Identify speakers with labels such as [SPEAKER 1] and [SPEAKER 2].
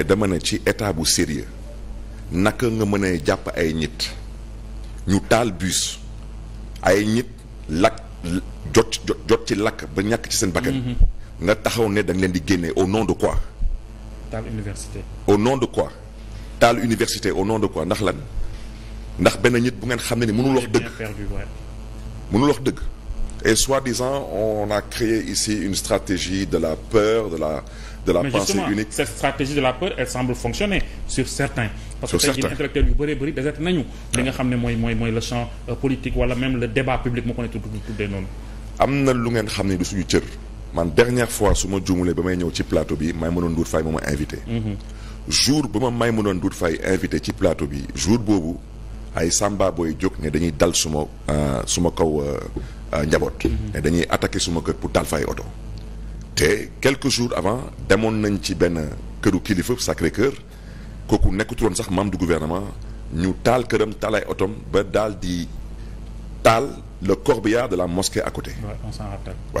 [SPEAKER 1] mais dama ne ci état bu sérieux naka nga mën a jàpp ay nit ñu taal bus ay nit lakk jot jot ci lakk ba ñàkk ci seen bakkan mhm. nga taxaw ne dañ leen di génne au non de quoi.
[SPEAKER 2] taal université.
[SPEAKER 1] au nom de quoi taal université au nom de quoi ndax lan ndax benn nit bu ngeen xam ne ni mënul wax dëgg mënul wax dëgg. Et soi-disant, on a créé ici une stratégie de la peur, de la, de la Mais unique.
[SPEAKER 3] Cette stratégie de la peur, elle semble fonctionner sur certains. Parce sur que certains. intellectuels yu bëri bëri déserte nañu. nga xam ne mooy mooy mooy le champ euh, politique wala même le débat public moo ko ne tudd noonu.
[SPEAKER 1] am na lu ngeen xam ne du suñu cër. man dernière fois su ma juumulee ba may ñëw ci plateau bi Maïmouna Ndour Faye moo ma invité. Mm-hmm. jour ba ma Maïmouna Ndour Faye invité ci plateau bi jour boobu ay Samba booy jóg ne dañuy dal suma euh, suma kaw. Euh, Euh, njaboot. mais mm-hmm. dañuy attaqué suma kër pour taal fay oto. te quelque jours avant demoon nañ ci benn këru kilifa Sacré Cœur kooku nekkutuloon sax maam du gouvernement ñu taal këram taal ay ba daal di taal le corbillard de la mosquée à côté.
[SPEAKER 3] Ouais,